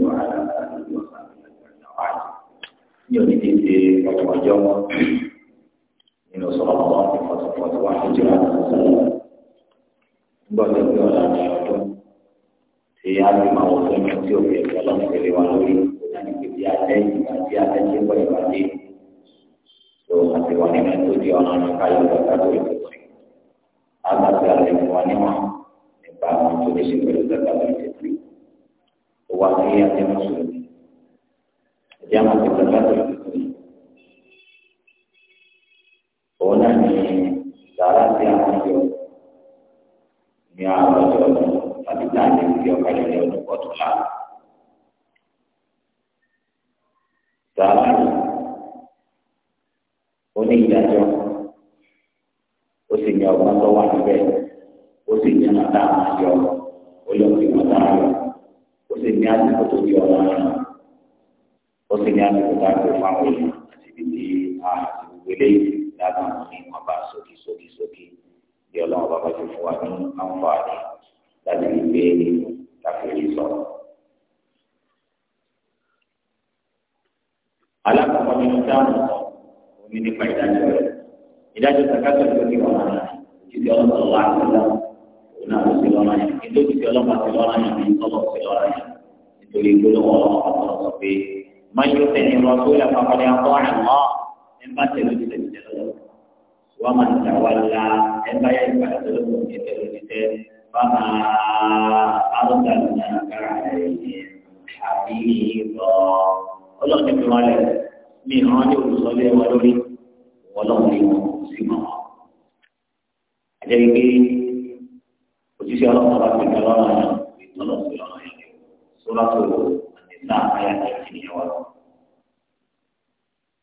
وعلى آله وصحبه أجمعين يوم الدين أو يوم إنه صلى الله عليه وسلم وحجر على وسلم gbọ́dọ̀ a fi fún wa lórí láti di alẹ́ ìgbà tí alẹ́ ti pọ̀ ìpàdé tó àti wà nínú tó di ọ̀nà nípa yọ̀dọ̀ kájọ ìfọ̀sí. a gbà pé alẹ́ fún wa níwọ̀n nípa àwọn tó lè ṣe pẹ̀lú gbàgbà ìfọ̀sí wà láyé àti mùsùlùmí ẹ̀jẹ̀ àwọn àtẹ̀kọ̀ láti ìlú òun náà ní sàrà sí àwọn ọjọ́ ní àwọn ọjọ́ ọdún tàbí táàbí ìdí ọ̀ka ìdí ọdún kọ̀tùlá. sàrà ó ní ìdájọ́ ó sì ní ọgbọ́n tó wà níbẹ̀ ó sì ní ọ̀nà táwọn ọjọ́ ó lọ́ọ́ fi mọ̀ sára rẹ̀ ó sì ní àsìkò tó di ọ̀la náà ó sì ní àsìkò tá a gbé fún àwọn èèyàn àti ibi tí a ti gbélé dáadáa wọn ní wọn bá sókè sókè sókè bí ọlọ́run bàbá ti fún wa ní àǹfààní láti fi gbé káfíńsì sọ̀rọ̀. alákọ̀ọ́kọ́ nínú dáhùn sọ omi nípa ìdájọ́ rẹ̀ ìdájọ́ sàkátọ̀ tó ní ọ̀la ìdí ọlọ́run wà á sọ́dọ̀ òun náà lọ́ra yẹn ètò ìdíje ọlọ́pàá ti lọ́ra yẹn ní sọ́lọ̀ ti lọ́ra yẹn nítorí gbólóhùn ọlọ́pàá sọ̀rọ̀ sọ pé máa yóò tẹ̀lé wọn tó yà pàpàdé àtọ́ àmọ́ ẹ bá tẹ̀lé ti tẹ̀lé lọ́wọ́ wọ́n máa ń tà wá la ẹ bá yẹ ìgbà tó lọ́wọ́ ti tẹ̀lé ti tẹ́ bá máa àlọ́dà àbí ìbọ̀ ọlọ́ọ̀ni fi wálẹ̀ ní ìran ní olùsọ́lé wọn lórí ọlọ́ọ̀ni wọn sì mọ̀ wọn iṣẹ́ ọlọ́run bá ti gbẹ́rọ́ náà yàn ìtọ́lọ́ sí ọ̀nà yàn ní sọ́lá tó wọ àdìsá àyà kejì ní ẹwà.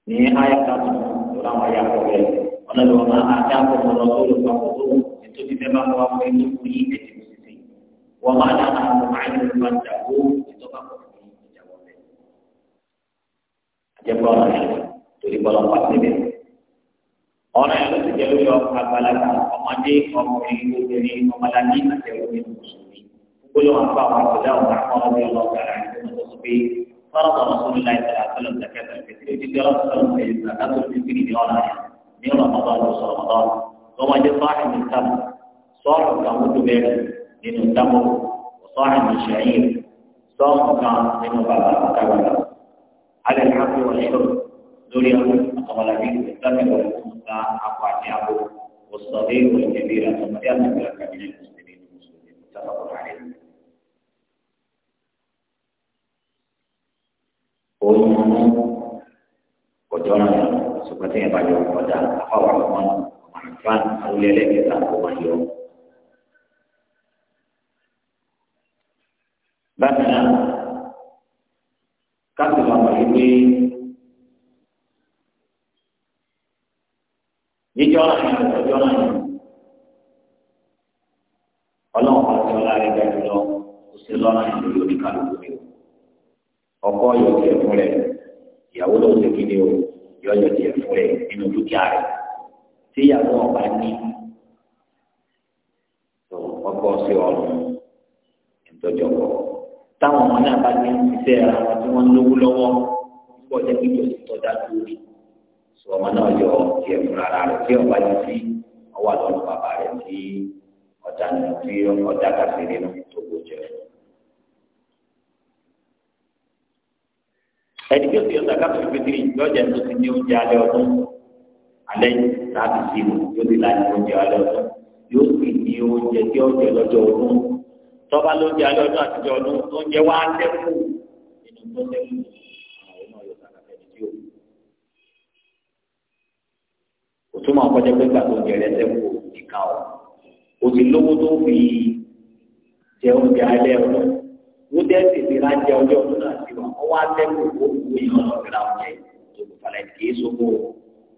ní àyà kàtó lọ́la wọn yà kọ́ bẹ́ẹ̀ ọlọ́run máa àti àkọ́kọ́ lọ sórí papọ̀ tó nítorí mẹ́fà wọn fún ẹni fún yí ẹ̀jẹ̀ sísè wọ́n máa dá àwọn àyè wọn dàgbó ìtọ́ka kọ̀ fún ìjàwọ́ bẹ́ẹ̀. àjẹpọ̀ ọ̀rọ̀ yẹn ló ti jẹ́ lórí àgbàlagbà ọmọdé ọmọkùnrin obìnrin ọmọdé àti ọmọdé mùsùlùmí gbólóhùn àpá àwọn àgbẹ̀dá ọ̀gá ọmọdé ọlọ́gà rẹ̀ ló sọ pé fọ́nrán ọ̀rọ̀ sọ́nù láì tẹ̀lé àtọ́lọ́ ìdàkẹ́tà ìfẹ̀tìrì ti jẹ́ ọ̀rọ̀ sọ́nù tẹ̀lé ìdàkẹ́tà ìfẹ̀tìrì ní ọ̀la rẹ̀ ní ọ̀rọ̀mọdọ́ ló sọ ọ̀rọ̀mọdọ́ tó wọ́n jẹ́ sọ́ọ̀rọ̀ ní sábà sọ́ọ̀rọ̀ kan ó tó bẹ̀rẹ̀ nínú dábọ̀ sọ́ọ̀rọ̀ ní ṣẹ̀yìn sọ́ọ̀rọ̀ kan nínú bàbá àtàwọn alẹ́ ní lórí àwọn alábí ìsìlámì wọn fún ta akọ àti abo òsòdé òjèbí àtọmọdé àtọmọdé àkàbílẹ mùsùlùmí ní mùsùlùmí mùsàlùmí àrẹ. òun mú ọjọ́ náà ṣùgbọ́n tí yẹn bá yọ ọjà àfọwọ́ àwọn àǹfààní àwùlẹ̀lẹ̀ kẹta kó máa yọ. bákan náà káàtó máa wáyé pé. ìjọ náà ní ọjọ́ náà ní ọlọ́run àti ọlá rẹ̀ bẹ́ẹ̀ jùlọ kò sí lọ́nà ìlú lórí kálukú ni o ọkọ yóò tiẹ̀ fún rẹ̀ ìyàwó ló ti kí ni o yọ yọ tiẹ̀ fún rẹ̀ nínú dúkìá rẹ̀ tí ìyàwó ọba ní ọkọ sí ọrùn ìtọ́jú ọkọ táwọn ọmọ náà bá ti ń ṣiṣẹ́ ara wọn tí wọ́n ń lówó lọ́wọ́ púpọ̀ jẹ́ pípọ̀ sí tọ́jà lórí sọ ọmọ náà yọ tiẹ̀ fúnra rẹ̀ tí ọba yìí sí ọwọ́ àlọ́nù bàbá rẹ̀ tí ọjà nù tí ọjà kàṣẹ nínú tó kó jẹ. ẹni tí ó ti yọ sàkàtúntì pétérì lọ́jà tó ti ní oúnjẹ alẹ́ ọdún alẹ́ láti sí ìlú yóò ti láti oúnjẹ alẹ́ ọdún yóò sì ní oúnjẹ tí ọjọ́ lọ́jọ́ ọdún tọ́ba lóúnjẹ alẹ́ ọdún àtijọ́ ọdún oúnjẹ wa á nínú tó dẹ́kun àwọn ọmọ yóò sàkàtúntì pétérì tó máa kọjá pé gbàgbọ́ jẹrẹ sẹ́kù nìkan o o ti lówó tó fi jẹ oúnjẹ alẹ́ ọ̀nà wọ́n dẹ́ tètè rà jẹ ọjọ́ ọdún náà sí wa wọ́n wá sẹ́kù ó kú èèyàn lọ fi ra oúnjẹ tó kù falẹ̀ kì í sọ́kù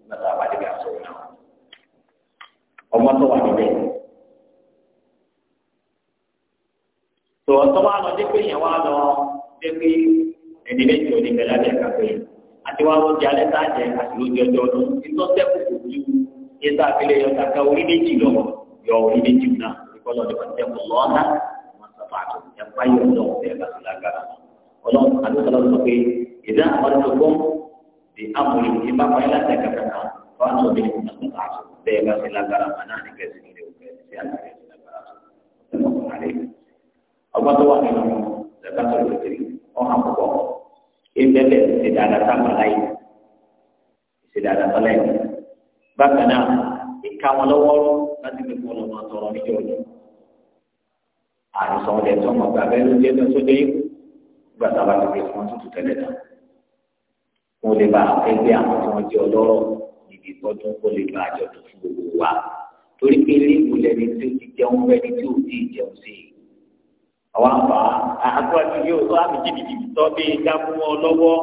gbàgbọ́ àbájá bí a sọ̀rọ̀ náà ọmọ tó wà níbẹ̀ tọ̀tọ̀ wa lọ dé pé èèyàn wa lọ dé pé ẹni méjì ò ní bẹ̀rẹ̀ lábẹ́ pé yẹn àti wá lóúnjẹ alẹ́ tá a jẹ àti lóúnjẹ ọjọ́ ọdún títọ́ sẹ́kù kò ju yíta abilé yọ kàkà orí méjì lọ yọ orí méjì náà ìkọlọ́ ní pàṣẹ kò lọ́ ọ́nà wọn sọ̀tọ̀ àtò ẹ̀fá yọ ọ̀dọ́ ọ̀fẹ́ láti lágbára ọlọ́run adúgbò sọ pé ìdá ọ̀dọ́gbọ́n di amòye ìbá pàyẹ́ láti ẹ̀ka kàkà fáwọn ọ̀dọ́ ìfúnnasọ̀tọ̀ àtò bẹ́ẹ̀ láti lágbára mọ́ náà ìbẹ̀lẹ̀ ìṣèdára sábàláyé ìṣèdára sábàláyé bákan ada ìka wọn jika láti fi fún ọmọ àtọ̀rọ̀ níjọ́ ni àìsàn ọ̀dẹ̀ tó ọmọ gbàgbé ló dé tó dé ìgbà sábà tó fi fún wọn tuntun tẹ́lẹ̀ náà wọn lè bá akẹgbẹ́ àwọn tí wọn jẹ ọlọ́rọ̀ níbi ìtọ́jú kó lè bá àjọ tó fún gbogbo wa àwọn àbá àkọ́ni yóò tó àmì jìbìjìbì tó bí dákú wọn lọ́wọ́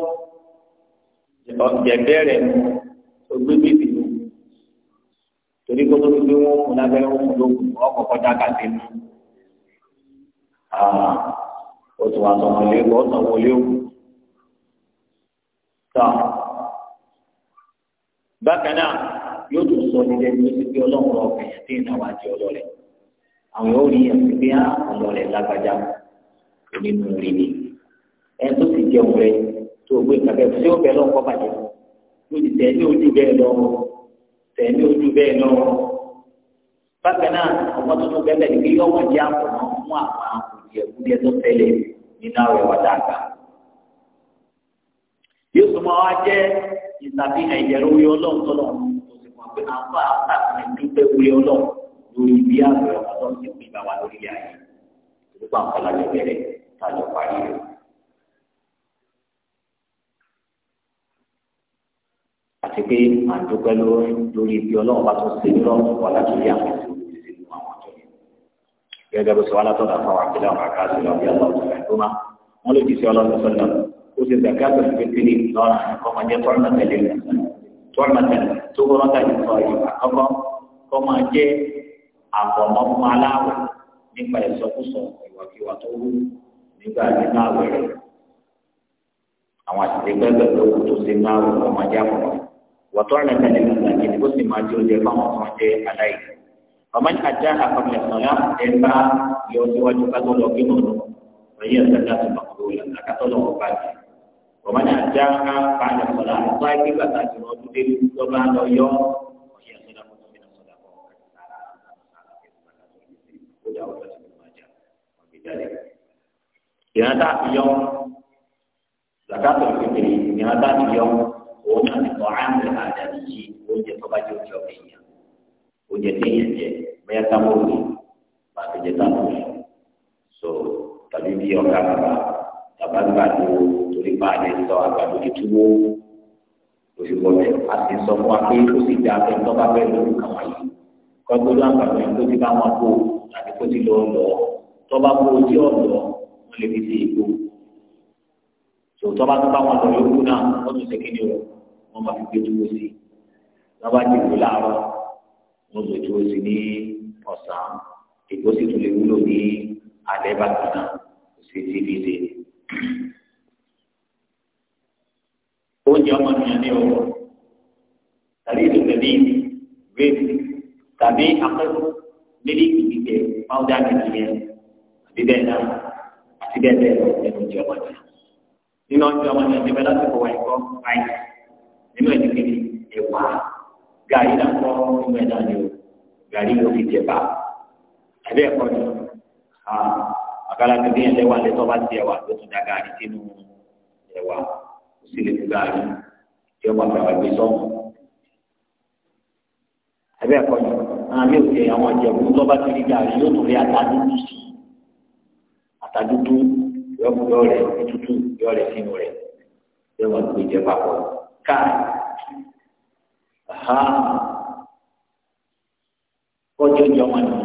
jẹ̀bẹ́ rẹ̀ ogbégbé ti lò torí kó tó ti gbé wọn kù lábẹ́rẹ́ wọn kù lókun ọkọ̀ kọjá kàdé mu o tún wà sọ̀rọ̀ lẹ́kọ̀ọ́ o sọ̀rọ̀ lẹ́kọ̀ọ́ tó bákan náà yóò tún sọ nílẹ̀ ní oṣù tí ọlọ́run ọ̀gbìn yẹn tí ì náà wá jẹ́ ọlọ́rẹ̀ àwọn yóò rí ẹsẹ bí ah, ọmọ rẹ lágbájá onínú rí ni ẹni tó sì jẹun rẹ tó o gbé kàkẹ́ tí ó bẹ lọ́kọ́ bàjẹ́ lójú tẹ̀ ní ojú bẹ́ẹ̀ lọ tẹ̀ ní ojú bẹ́ẹ̀ lọ bákan náà ọmọ tuntun bẹ́ẹ̀ bẹ́ẹ̀ ni kí ọmọ jẹ́ àpọ̀nà fún àwọn òdìẹ̀kúdìẹ̀ tó tẹ̀lé nínú àwẹ̀ wà dáadáa yóò tún máa wá jẹ́ ìtàbí ẹ̀yẹ̀rọ orí ọlọ́run tọ́lọ́run tó sì mọ̀ pé àwọn àtàkùn ìdúpẹ́ orí ọlọ́run lórí bí àgbẹ̀ ọ̀gá tó ń ti pín bá wa lórí ayé nípa nǹkan lájọ bẹ̀rẹ̀ tájọ parí rẹ̀. àti pé àdúgbò lórí lórí bí ọlọ́run bá tún ṣe lọ́rùn wà láti rí àwọn ìṣòro ìṣe nínú àwọn ọjọ́ yẹn. gẹ́gẹ́ bó ṣe wá látọ̀dọ̀ fáwọn àgbẹ̀dẹ̀ àwọn àkáàtì lọ́bí ọlọ́run tó fẹ́ tó má wọ́n lè jíṣẹ́ ọlọ́run sọ́dọ̀ ó ti gbàgbé àgbẹ̀rẹ̀ pépéré lọ́ra kọ́mọdé tọ́rọ̀mọ̀tẹ̀lẹ̀ tọ́rọ̀mọ̀tẹ̀lẹ̀ tó rọ́ọ̀tà àfọ̀mọ́ fún aláwẹ̀ nípa ìsọkúsọ ìwàkiwà tó wù nígbà nínú àwẹ̀ rẹ̀ àwọn àtìlẹ́ gbẹ́gbẹ́ tó kù tó ṣe máa wù ọmọdé àfọ̀mọ́ wọ́tọ́ rẹ̀ tẹ̀lé nígbà kí ni ó sì máa di oúnjẹ fáwọn tó ń jẹ aláìsí ọmọ nípa já àkọsílẹ̀ sọ̀rọ̀ ẹ̀ bá yọ síwájú kátó lọ kí nínú ẹ̀yẹ ìtajà tó bá kúrò ìran tá a fi yọ zakato fitiri ìran tá a fi yọ òun náà ti kọ àmì àdàbí yìí oúnjẹ tó bá jẹ oúnjẹ ọmọ èèyàn oúnjẹ tí èèyàn jẹ bẹ́ẹ̀ sábò mi pàtó jẹ sábò mi so tàbí bí ọkà bàbà bàbá gbàdó torí bá a lè sọ àgbàdo ní túwó òṣùwọ̀n a sì sọ fún wa pé kò sí ìdá abẹ́ bá bẹ́ẹ̀ lórí kàwáyé kọ́gbọ́dọ̀ àgbàdo yẹn tó ti bá wọn kó tàbí kó ti lọ́ọ́ lọ́ọ́ tọ́ba kó ojú ọ̀dọ́ wọn lè fi ṣe èkó tó tọ́ba tó bá wọn lọ yókù náà wọ́n tún ṣe kíni o wọ́n máa fi gbé dúró sí i lọ́ba ti wù láàárọ̀ wọ́n lè dúró sí ní ọ̀sán èkó sì tún lè wúlò ní alẹ́ bàtàn náà sí ti fi ṣe. oúnjẹ ọmọ nìyẹn ní ọ̀rọ̀ tàbí ìdòkèlì rèé tàbí akẹ́kọ̀ọ́ mílíkì gbígbẹ pàwọ́dà nìyẹn síbẹ̀ náà síbẹ̀ bẹ́ẹ̀ lọ nínú ìjọ ọmọdé nínú ìjọ ọmọdé ti bẹ lásìkò wa ẹ̀kọ́ ráìsì nínú ìdíkìlì ẹ̀wà gàrí náà kọ́ nínú ẹ̀ náà ni o gàrí yóò fi jẹba ẹ̀bẹ́ ẹ̀kọ́ ni àkàrà kìdí ẹ̀ lẹ́wà lẹ́tọ́ bá ti ẹ̀wà ló tún da gàrí sínú ẹ̀wà kò sí lè fi gàrí tí ọmọ àgbàwà gbé sọ́mù ẹ̀bẹ́ ẹ̀kọ́ ni àmì òkè àwọn ìjẹ̀bù tó bá ti rí gàrí yóò tún rí ata nínú sí i àtàdúdú yọ rẹ̀ tútù yọ rẹ̀ sínú rẹ̀ yọ wọn gbé jẹ papọ̀ káà ha kọjọ jọ wọn ni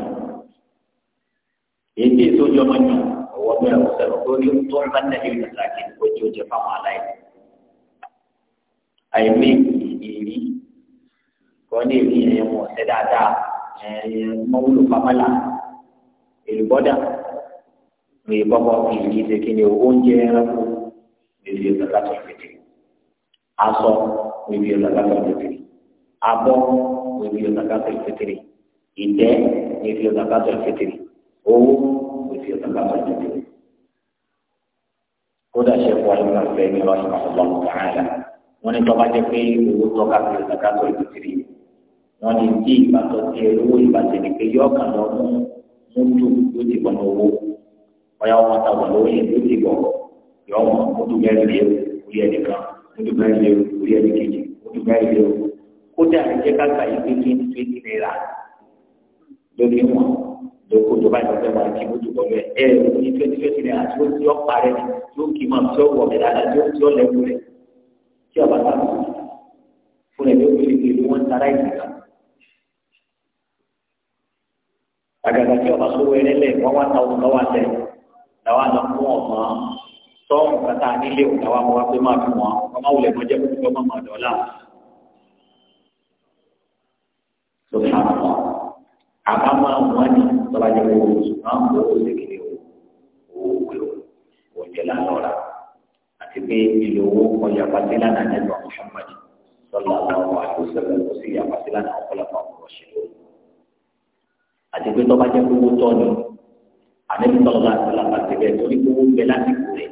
èyí tí èso jọ wọn ni ọwọ́ bẹ́ẹ̀ kò sẹ́nu tó ní tó ń bá tẹ̀lé ìgbàlá kí kọjọ jẹ fáwọn aláìní àìmí ìrírí kọ́ ní èrí ẹ̀yẹ̀wọ̀n ọ̀sẹ̀ dáadáa ẹ̀yẹ̀ mọ́wúlò pamẹ́lá èlùbọ́dà ní ìbọ́bọ́ ìlú ṣe kí ni oúnjẹ ẹranko níbi ìdàgbàsọ ìfètè aṣọ níbi ìdàgbàsọ ìfètè abọ́ níbi ìdàgbàsọ ìfètè ìtẹ́ níbi ìdàgbàsọ ìfètè owó níbi ìdàgbàsọ ìfètè. kódà ṣe fún ọdún náà fẹ́ ní ọdún ọlọ́run tààlà wọ́n ní tọ́ba jẹ́ pé owó tọ́ka sí ìdàgbàsọ ìfètè wọ́n ní tí ìbátan ti owó ìbátan ni pé yọ ọkàn lọ mú mú dùn ló ti bọ̀ ní owó ọ̀yà wọn ta wà lórí ìlú ti bọ̀ yọ wọn ojú mẹ́rin lé orí ẹni kan ojú mẹ́rin lé orí ẹni kejì ojú mẹ́rin lé kódà ẹ̀jẹ̀ káka yìí pé kí n fi ìlera lórí wọn lóko tó bá yọ fẹ́ wọn kí ojú bọ̀lú ẹ̀ ẹ̀ ní twenty twenty naira tí ó ti ọ̀pá rẹ̀ tí ó kì í máa tí ó wọ̀ mí dáadáa tí ó ti ọ̀lẹ́kùn rẹ̀ tí ọba bá wù fún ẹ̀ làwọn àlọ́ fún ọmọ tọ́ọ̀mù kàtà nílé òun làwọn àwọn afẹ́ máa fi wọn ọmọ wulẹ̀ mọ́jẹ́ kó tó máa dọ̀ la. sọ̀tàmọ́ àbámọ́ wọn ni tọ́ba jẹ́ kó máa ń bọ̀ ó lè kéde o owó pé o oúnjẹ là ń lọ́ra àti pé ìlú owó ọjà pàṣẹ lánàá nẹ́ẹ̀lú àwọn sọ́mọ́jì sọ́lá àwọn àìsàn kò sí ìyá pàṣẹ lánàá ọ̀pọ̀lọpọ̀ àwọn ọ̀ṣẹ́ àti pé tọ́ba jẹ́ kó tó ni àdébí sọ̀rọ̀ bá sọ̀rọ̀ àgbà ti bẹ́ẹ̀ torí pé wọ́n bẹ lásìkò rẹ̀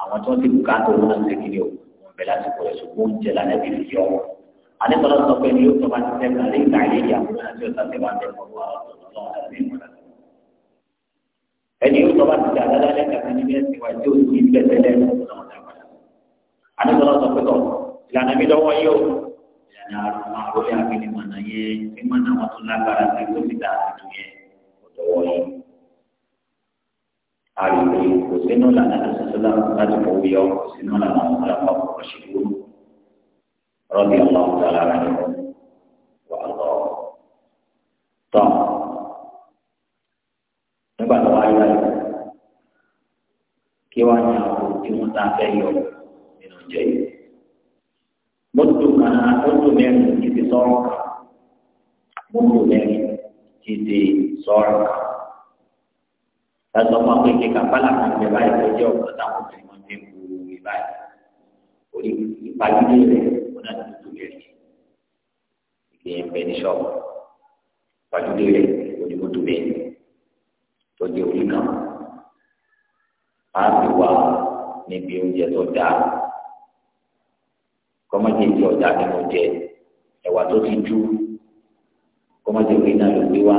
àwọn tí wọ́n ti bùkà tó wọn ṣe kiri o wọ́n bẹ lásìkò rẹ̀ ṣùgbọ́n oúnjẹ lànàbí fi yọ wọn. àdébọ̀lá sọ pé ní yóò tọ́ bá ti tẹ́ kàlẹ́ ìgbà ilé ìyàwó àti ọ̀tá tẹ́ bá tẹ́ kọ́ ẹni yóò tọ́ba ti dàda lálẹ́ ni níbi ẹsẹ̀ wa tí o ti bẹ̀rẹ̀ lẹ́nu ọ̀nà ọ̀nà ìwà. Adébọ̀lá sọ pé tọ̀ ìlànà mi lọ́wọ́ yìí o. Ìlànà àwọn àròlé àbínimọ̀nà yẹn mímọ̀nà wọn tún lágbára sí lóṣìṣẹ́ àtúntò yẹn ọ̀dọ̀wọ́ yìí àrùbí kò sínú lànà àtúntò láti mọ wíyọ kò sínú lànà àtúntò ọ̀ṣìkú rọ́bì ọlọ́run tó lára rẹ̀ wà lọ. tọ́ nígbà tó wáyé láyé kí wàá ní àwọn tí wọ́n ta fẹ́ yọ nínú jẹ́ yìí. mọ́tò kan mọ́tò mẹ́rin ti ti sọ̀rọ̀ kan mọ́tò mẹ́rin ti ti sọ̀rọ̀ kan lọ́sọ̀ fún akpé kéka bala kan tẹ báyìí tó jẹ́ ọ̀pọ̀ táwọn tó wọn ti kú mi báyìí orí ìpàdé rẹ̀ wọn náà ti tó lẹ̀ ìgbìyànjú bẹ́ẹ̀ ní sọ́ọ̀bù ìpàdé rẹ̀ onímọ̀tò bẹ́ẹ̀ tó jẹ́ orí kan á ti wà níbi oúnjẹ tó dáa kọ́mọ́jì ti ọ̀dà nínú jẹ ẹ̀wà tó ti tú kọ́mọ́jì orí náà ló gbé wá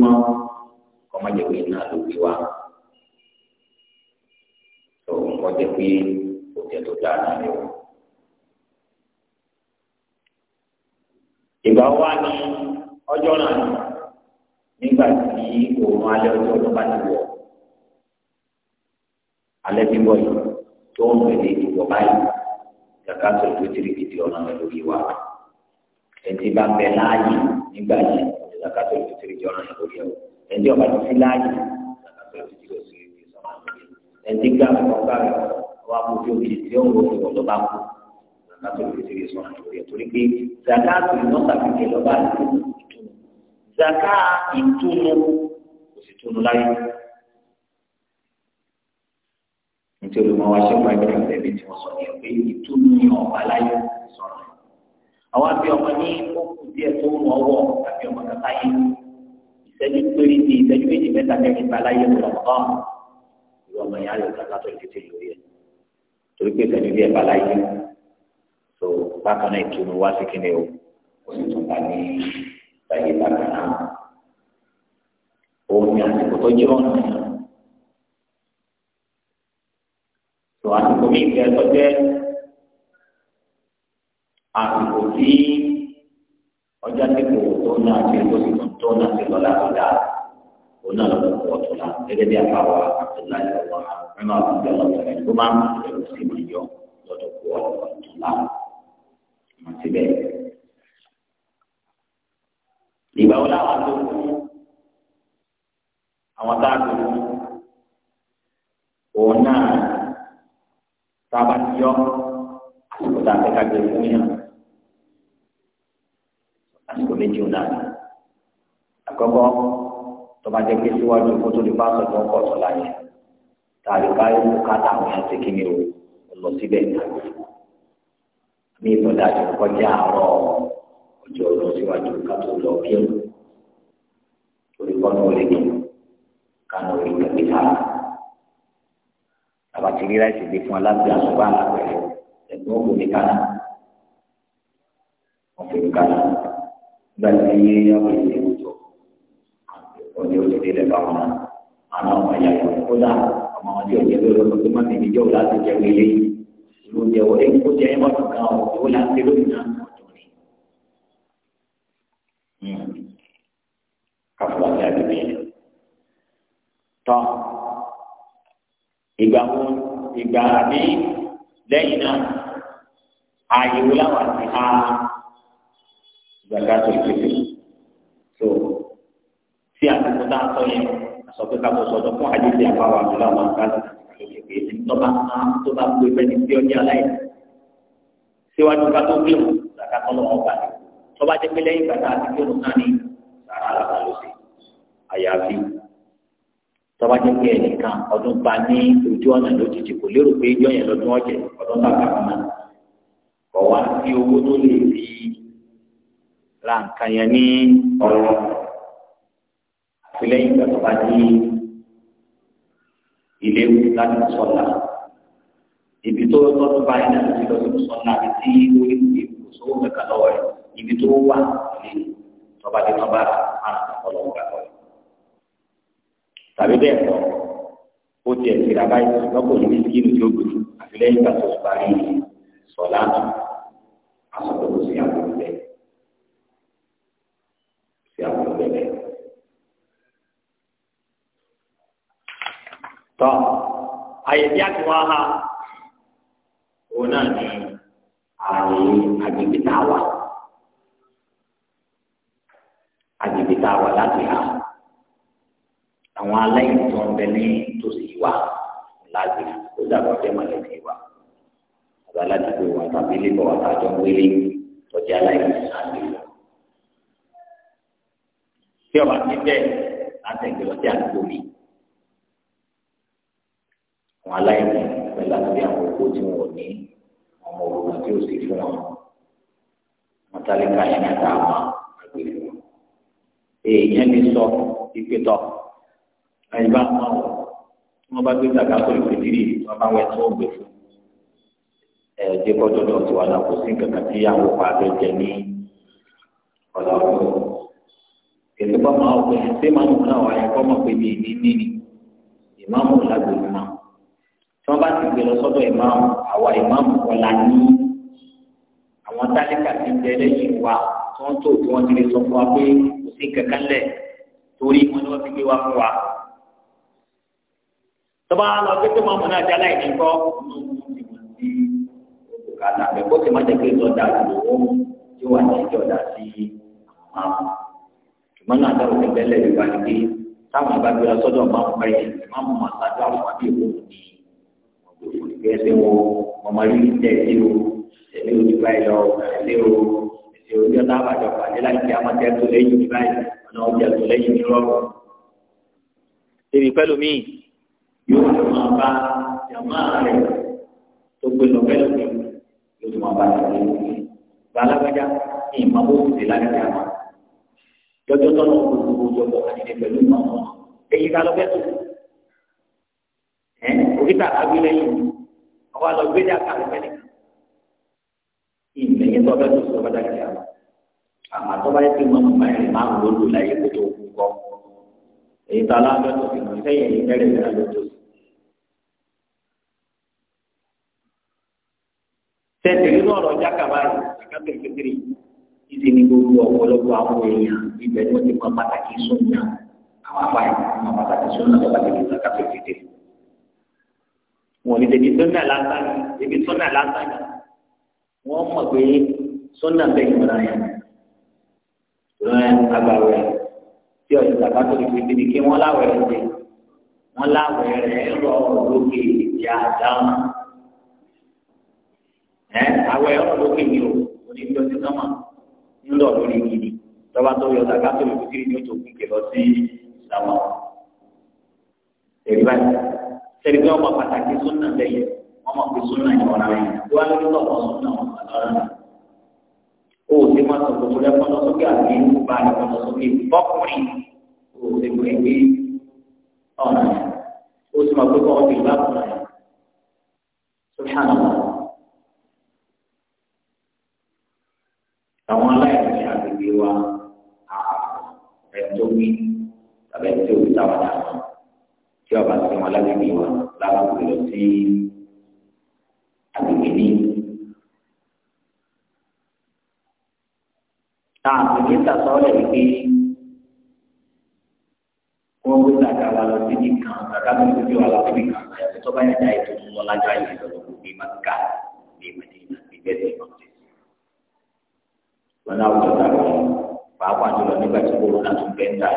lójoojúmọ́ kọ́mọ́jẹ pé iná ló gbé wá tó nǹkan jẹ pé oúnjẹ tó dáa náà ni wọ́n. ìgbà wa ni ọjọ́ náà nígbà tí òun alẹ́ ọjọ́ tó bá ti wọ̀ alẹ́ bí wọ̀ yìí tó ń bẹ̀rẹ̀ ìwọ̀ báyìí kàkà tó tìrìkìtì ọ̀nà lórí wa ẹtì bá bẹ láàyè nígbà yẹn zakato ìfitiri jọ náà kò yẹ o ẹni ọba ti fi láàyè zakato ìfitiri oṣù ìfi sọmọ àgbẹ ẹni gbà wọn gbà wọn wọn kò fi omi tí ó ń wọlé wọn lọba kú zakato ìfitiri sọmọ àgbẹ torí pé zakato ìnọta fìkẹ lọba ìtùnú zaka ìtùnú oṣù ìtùnú láyé nítorí wọn wá ṣẹpọ ẹgbẹ ìgbẹbí tí wọn sọ ní ẹgbẹ ìtùnú ọba láyé sọ̀rọ̀ àwọn àbí ọmọ ní ó kù díẹ̀ tó ń wọ́wọ́ àti ọmọ kàkà yìí ìṣẹ́jú péré ní ìṣẹ́jú méjì mẹ́ta mẹ́rin bá láyé lọ́wọ́ ìwọ ọmọ yẹn ayọ̀ kàkà tó ti ti lórí ẹ̀ torí pé ìṣẹ́jú díẹ̀ bá láyé so bákan náà ìtùnú wá sí kíni o ó sì tún bá ní láyé bákan náà òun ni àsìkò tó jẹ́ ọ̀nà àsìkò mi ìfẹ́ tó jẹ́ àsìkò tí ọjà tí kò tó náà ṣe tó sì tó náà ṣe lọ́la tó dáa ó náà lọ́dọ̀ kó ọ̀tún la gẹ́gẹ́ bí àbáwá àtúnláyé ọ̀wá mẹ́mà àtúndé ọlọ́tẹ̀rẹ̀ tó máa ń bẹ̀rẹ̀ sí máa yọ lọ́dọ̀ kó ọ̀tún la mọ̀ síbẹ̀. ìgbà wo láwọn tó kú àwọn tá a kú òun náà tá ti yọ àsìkò tá a fẹ́ ká àsìkò méjì ò náà àkọ́kọ́ tọba jẹ́ pé síwájú kó tó lè bá sọ̀tọ̀ ọkọ̀ sọ̀la yẹn tàbí ká yóò kó káta àwọn yẹn ti kíni o lọ síbẹ̀ ní ìtọ́jú àti kọjá àárọ̀ ọjọ́ lọ síwájú ká tó lọ kí ó torí kọ́nù ó lè kánú orí kẹ̀kẹ́ sára àbàtì rírà ìṣègbè fún alábẹ́ àṣùbà àlàpẹ̀rẹ̀ ẹ̀gbọ́n òkú mi kánà wọ́n mi kánà balaye ya wele mutu ọjọ́ òṣèlú ilẹ̀ bá wọn àwọn ọmọ ìyá yẹn kódà ọmọ ọdí ọjọ́ lórí ọmọ tó má ti di jọwọ láti jẹ wele ìlú jẹ wọlé kó jẹ ẹ mọtò kan ọ ìwọ láti lórí náà ọdún ni. Hmm. káfíńtà ti àgbègbè yẹn tọ ìgbà wo ìgbà àbí lẹ́yìn náà àyèwò láwọn àti ha zakato ìpèsè so tí àtúntò tá a sọ yẹn sọ pé ká tó sọdọ fún àdéhùn àbáwá àti láwọn àgbàdo lókè pé ẹni tó bá ná tó bá gbé bẹ́ẹ̀ ni tí ó ní aláìsí síwájú ká tó gbé wọn zakato lọ́wọ́ bá ní tó bá jẹ́ pé lẹ́yìn ìgbà tá a ti gbé wọn náà ní ló ṣe àyàfi tó bá jẹ́ pé ẹnìkan ọdún bá ní ojú ọ̀nà lójijì kò lérò pé ìjọ lọ́dún ọ̀jẹ̀ ọdún bá kà ra nǹkan yẹn ní ọ̀rọ̀ àti lẹ́yìn ìgbà tó bá ní ilé wù láti sọ̀la ibi tó tọ́jú báyìí náà ti lọ sí sọ̀la àti tí orí ìwé kò sówó mẹ́ka lọ́wọ́ rẹ̀ ibi tó wà ní tọ́ba dé tọ́ba àrùn ọlọ́wọ́ gbà lọ́wọ́ tàbí bẹ́ẹ̀ kọ́ ó ti ẹ̀sìn ìràbá yìí lọ́pọ̀ ní kí ni tí ó gbèsè àti lẹ́yìn ìgbà tó sọ̀la àsọ̀tò tọ́ àyè tí a wá ha òun náà ní ààyè agbègbè tá a wà agbègbè tá a wà láti ha àwọn aláìsàn ń bẹ ní tòsí wa láti ó dàgbà fẹ́ mọ̀lẹ́bí wa àgbà láti gbé wa tàbí ilé bọ̀ wá tàjọ ń wélé tọ́jú aláìsàn lè lọ. tí ọba ti bẹ́ẹ̀ láti ẹgbẹ́ lọ sí àdúgbò mi wọn aláìní pẹ̀lú àti àwọn òkú tí wọn ò ní ọmọ òrùka tí ó sì fún wọn wọn tálíkà yẹn náà tá a mọ àgbè fún wọn. èèyàn lè sọ ipe tọ ẹni bá mọ ọ tí wọn bá gbé gbàgbà pé ìpèdírì wọn bá wẹ tí wọn fún ẹ jẹ kọjọ tó ti wà lápò sí kankan tí àwọn ọkọ abẹ jẹ ní ọlọ ọdún ètò bá máa wọ ẹ ṣé máa ń mú náà kọ́ mọ̀ pé mi ní ní ìmáàmù lágbègbè náà tí wọ́n bá ti gbé lọ sọ́dọ̀ ìmáàmù àwa ìmáàmù kọ́lá ní àwọn tálíkà ti ń bẹ̀rẹ̀ yìí wá tí wọ́n tó tí wọ́n ti lè sọ fún wa pé kò sí kankan lẹ̀ torí wọn ni wọ́n ti gbé wá fún wa. tọ́ba lọ pé tó máa mọ̀ náà jálá ìdí kọ́ kàtà pé kó ti má jẹ́ pé ìtọ́jà lòó yóò wà ní ìjọba sí àwọn máàmù. ṣùgbọ́n náà dáhùn ti bẹ́lẹ̀ yorùbá ni pé táwọn ìbá gbéra sọ́dọ̀ máàmù báyìí máàmù màtàdé àwọn àbí ìwòrán ni gẹ̀ẹ́sì wo ọmọ yìí tẹ̀sí o tẹ̀lé o ti báyìí lọ tẹ̀lé o tẹ̀sí o yọ náà bàjọ́ pàdé láti amọ̀tẹ́ tó lẹ́yìn ní báyìí ọ̀nà ọjà tó lẹ́yìn ní rọ́ọ̀bù. Èmi pẹ́lú mi yóò lọ máa bá jàmá rẹ̀ tó gbé lọ pẹ́lú mi yóò tó máa bá tẹ̀lé o. Balabaja ní ìmọ̀ bó ti láti jàmá. Lọ́jọ́ tọ́lọ̀ òkúta àbí lẹ́yìn àwọn àlọ́gbé dà kà lẹ́yìn ìmọ̀ yẹn tó ọbẹ̀ tó sọ bàtà kìá àmà tó bá yẹ kí mọ̀ mọ̀ ẹ̀rì máa ń lò lò láyé kó tó kú kọ́ èyí tó aláǹdọ̀ tó fi hàn sẹ́yìn ẹ̀yìn kẹrẹ̀ ìrìn àjò tó tẹ̀sí nínú ọ̀rọ̀ jákàbá rẹ̀ jákàtò ìfẹ́tìrì ìdí ni gbogbo ọ̀pọ̀lọpọ̀ àwọn èèyàn ibẹ̀ ni wọ́n ti mọ pàtàkì sóńjà àwọn àbáyé mọ pàtàkì sóńjà tó bá ti fi jákàtò ìfẹ́tìrì wọn ní débi sọ́nà lásán débi sọ́nà lásán wọn mọ̀ pé sọ́nà bẹ́ẹ̀ ìmọ̀ràn yẹn lọ́nà agbáwẹ̀ tí ọ̀sẹ̀ bàbá tó di fi kí wọ́n láwẹ̀ rẹ̀ dé wọ́n láwẹ̀ rẹ̀ rọ̀ lókè ìyá àdáhùn ẹ̀ àwẹ̀ rọ̀ lókè mi ò onídìí ọtí sọ́mà ńlọ lórí gidi lọ́ba tó yọ sàkátó ìfikiri ní oṣù kúkẹ́ lọ sí ìsàmọ́. Èrìbáyìí tẹ̀lé pé ọmọ pàtàkì súnà lẹ́yìn ọmọ pé súnà yìí wọ́n rẹ̀ wá lórí lọ́pọ̀ súnà wọn lọ́rọ̀ o ò sí máa sọ gbogbo rẹ kọ́nà sókè àti ikú bá rẹ kọ́nà sókè bọ́kùnrin o ò sí pé pé ọ̀nà o sì máa pé kọ́ ọ̀dùn ìlú àkùnrin rẹ̀ sọ́kànà àwọn aláìsí àgbègbè wa àà ẹ̀ tó wí táwọn dáhùn tí ọba ti wọn lágbègbè wọn lábàá kò lọ sí agbègbè ní. táà àgbègbè sàtọ́lẹ̀ wípé wọ́n gbé sàkà wa lọ síbi kan sàkà tó gbé wa lọ síbi kan àyàfi tó bá yẹ dáa ètò tó wọlá jọ àyè lọ́dọ̀ gbé màkà gbé màdínà gbé bẹ́ẹ̀ sí ìmọ̀tẹ́. wọn náà wọ́n sọ̀rọ̀ àwọn pàápàá jùlọ nígbà tí kòrónà tún bẹ́ẹ̀ dà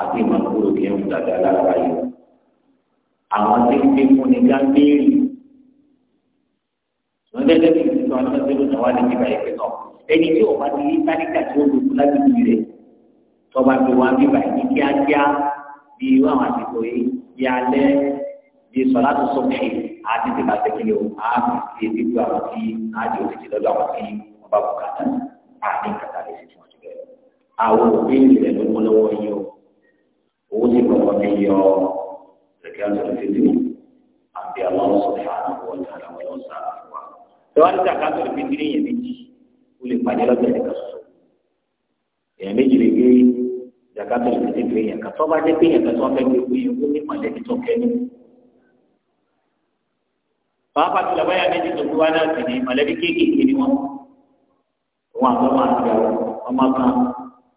àti ìmọ̀kúrò dàda lára yìí àwọn tí ń gbé fún ni gámbéèrè wọn gẹ́gẹ́ bí ìsìnkú àwọn ọmọdé lónìí wà ní bíbá ìpè náà ẹni tí ò bá ti rí sáríkà tí ó lòkù láti fi rẹ tọba tó wá bíbá yìí kíákíá bí irú àwọn àsìkò yìí bí alẹ́ bí sọlá tó sọmọ yìí àti tìbá tẹkẹlẹ o á fi èdè gbọ àwọn tí àjọ òfìsì lọ́dọ̀ àwọn tí wọn bá bùkátà àti kàtàlẹ sí tí wọn ti bẹ̀rẹ̀ àwọn òbí rẹ ló yìí o owó tí kọ̀ọ̀kan ní yọ ẹ̀kẹ́ àtọ̀lẹ́fẹ́tì àti àwọn sọ̀fà àwọn ọ̀tá àwọn ọ̀sà àfọwà. ìwádìí sàkà àtọ̀lẹ́fẹ́tì ní èèyàn méjì ó lè pàdé lọ́dọ̀ ẹ̀ka sọ̀tọ̀ èèyàn méjì lè gbé sàkà àtọ̀lẹ́fẹ́tì gbé èèyàn kan tó bá jẹ́ pé èèyàn kan tó fẹ́ gbé gbé ó ní mọ̀lẹ́bí tó kẹ́ni. pàápàá ti lọ́wọ́ èèyàn méjì tó gbé wá náà sì ní mọ̀lẹ́bí kéékèèké ni wọ́n wọn àtọ́ máa ń yàwó ọmọ kan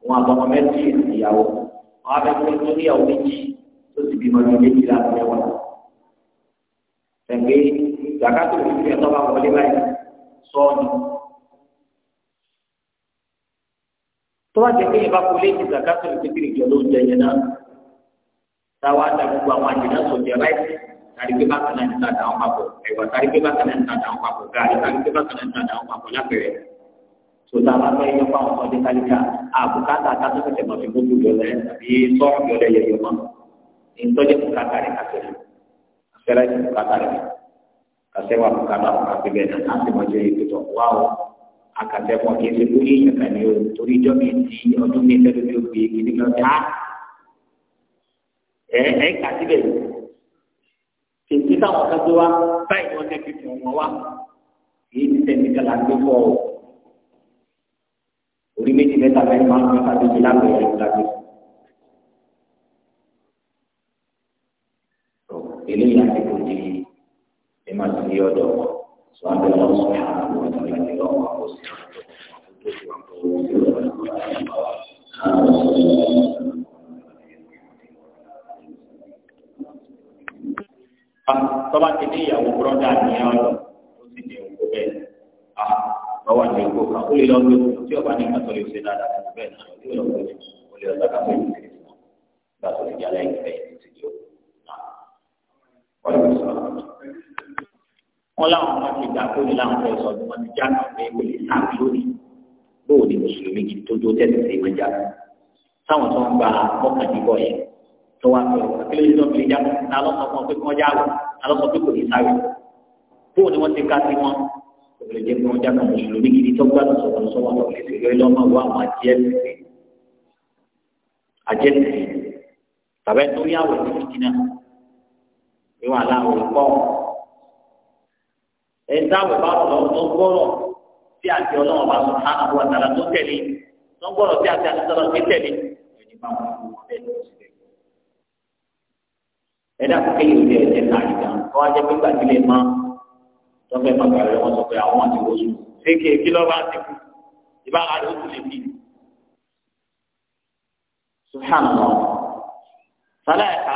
wọn àtọ́ ọmọ mẹ́tì ìyàwó wọn á fẹ́ kó tó níyàwó méjì tó sì bímọ ní méjì láti mẹ́wàá tẹ̀gbẹ́ ìgbàkátò fífi ẹ̀tọ́ bá wọlé báyìí sọ́ọ̀nù. tó bá jẹ́ pé yẹn bá kó lé ní ìgbàkátò fífi ìjọ ló ń jẹ yẹn náà táwa dá gbogbo àwọn àjẹjá sọ̀jẹ̀ báyìí tàrígbé bákan náà ń tàdá àwọn papọ̀ ẹ̀wà tàrígbé náà ń tàdá àwọn papọ̀ gàrí tàrígbé bákan náà ń tàdá àwọn papọ̀ tòtò àbáfẹ yẹn fún àwọn ọmọdé kálíkà àbùkátà àtàtúntò máa fi gbójú yọlẹ àbí sọọrọ yọlẹ yẹyẹ mọ ìtọjẹ bùkátà rẹ kàfẹ àfẹrẹ ti bùkátà rẹ kàfẹ wà bùkátà wọn kàfẹ bẹ́ẹ̀ náà láti mọ jẹ ìpìtọ wà ó àkàtẹ mọ kí n ṣe kú yíyan kan ní o torí ìjọ mi ti ọdún mi fẹẹ lóbi òbí kìíní kan dá ẹ ẹ kà síbẹ̀ tètè táwọn kan tó wá báyìí wọn tẹ fi fún wọn wá kì orí méjì mẹ́ta mẹ́rin máa ń fi pàdé sí lábẹ́ ẹ̀rọ ìdájọ́. eléyìí àti kò di ẹ máa ti ní ọ̀dọ̀ wọn sọ abẹ wọn sọ àwọn ọmọ ìlànà ìlànà ìlànà wọn kò sí àwọn tó wọn tó wọn tó wọn tó wọn. tọ́ba ti ní ìyàwó búrọ́dà ní ọ̀dọ̀ wà ní ìgbò kan ó lè lọ gbé tí ọba ní ìgbà tó lè ṣe dáadáa fún bẹ́ẹ̀ náà ó lè lọ gbé ó lè ọ̀sán káfíń ní ìgbà tó gbà tó lè jẹ́ aláìgbẹ́ yìí ti di òkú náà wọ́n lè sọ wọn láwọn máa ti gbà kó ní láwọn fẹ́ sọ ọdún wọn ti já kan pé kò lè sá mi lónìí bóò ní mùsùlùmí kì í tó tó tẹ̀sí sí ìwé já táwọn tó ń gba mọ́kàndínlọ́ yẹn tó wá pẹ̀lú kílódé tó ń fi já ta lọ́sọ̀ fún ọ pé kí wọ́n já lọ ta lọ́sọ̀ pé kò ní sáré bóò ni wọ́n ti ká sí wọn lè jẹ́ pé wọ́n já kàn mùsùlùmí gidi tó gbádùn sọ̀rọ̀ sọ́wọ́ lọ lè fi lórí lọ́mọ wá àwọn ajẹ́ pèsè ajẹ́ pèsè tàbí ẹni tó rí àwẹ̀ ní fìtínà ìwà aláwọ̀ pọ̀ ẹni táwọn bá lọ tó gbọ́rọ̀ tí àti ọlọ́wọ́ bá sọ ká àwọn àtàlà tó tẹ̀lé tó gbọ́rọ̀ tí àti àtàlà tó tẹ̀lé ẹni bá wọn kú ẹni tó ti ẹ̀dá kò kéyìí ó di ẹ̀jẹ̀ náà ìgbà tó wá jẹ́ pé gbàgbé lè máa tọ́fẹ́ màgà rẹ̀ wọ́n sọ pé àwọn àti oṣù ṣéke kí lọ́ bá ti kú ìbá àdó tó lè fi. sùhàn mọ́ sálẹ̀ ẹ̀ka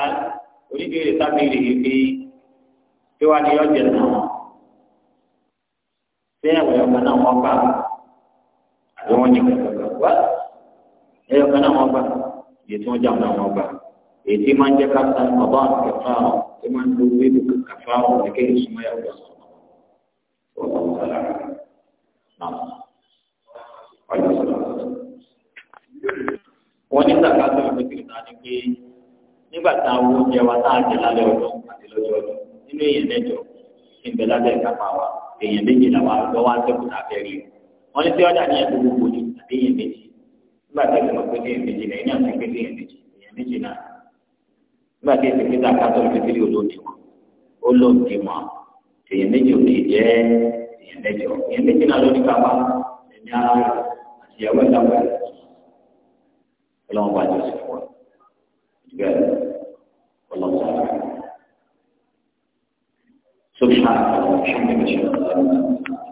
oníbèrè sábẹ́rì yìí pé kí wàá ní ọjà náà ṣé ẹ̀wẹ̀ ọ̀gá náà wọ́n gbà àbí wọ́n ní kẹ̀kẹ́ wá ẹ̀yọ̀ ọ̀gá náà wọ́n gbà èyí tí wọ́n jà náà wọ́n gbà èyí tí máa ń jẹ́ káfíńtà ọ̀bá àti kẹfà ọ̀ tí máa ń lo wíwú kẹfà ọ̀ kékeré súnmọ́ yàtọ̀ sọ̀rọ̀. nígbà tá a wo oúnjẹ wa tá a jẹ lálẹ́ ọdún àti lọ́jọ́ ọdún nínú èèyàn mẹ́jọ tí ń bẹ lábẹ́ ìkápá wa èèyàn méjì làwa lọ́ wá sẹ́kù tá a fẹ́ rí o wọ́n ní tí ọ̀dà ní ẹ̀dùn gbogbo ni àbí èèyàn méjì nígbà tí ẹ̀sìn ọ̀pẹ́ sí èèyàn méjì náà ẹ̀yìn àti pẹ́sẹ́ èèyàn méjì èèyàn méjì náà nígbà tí ẹ̀sìn pẹ́sẹ́ àkàtọ̀ ìfẹ́sẹ́lẹ̀ olóòdì wọn olóòdì wọn èèyàn méjì ò lè jẹ́ èèyàn mẹ́jọ èèyàn méjì náà ló ní kápá ẹ̀mí ara àtìyàwó ẹ̀dá wẹ̀ ọlọ́run bá jọ sí fún ọ والله تعالى سبحانك اللهم وبحمدك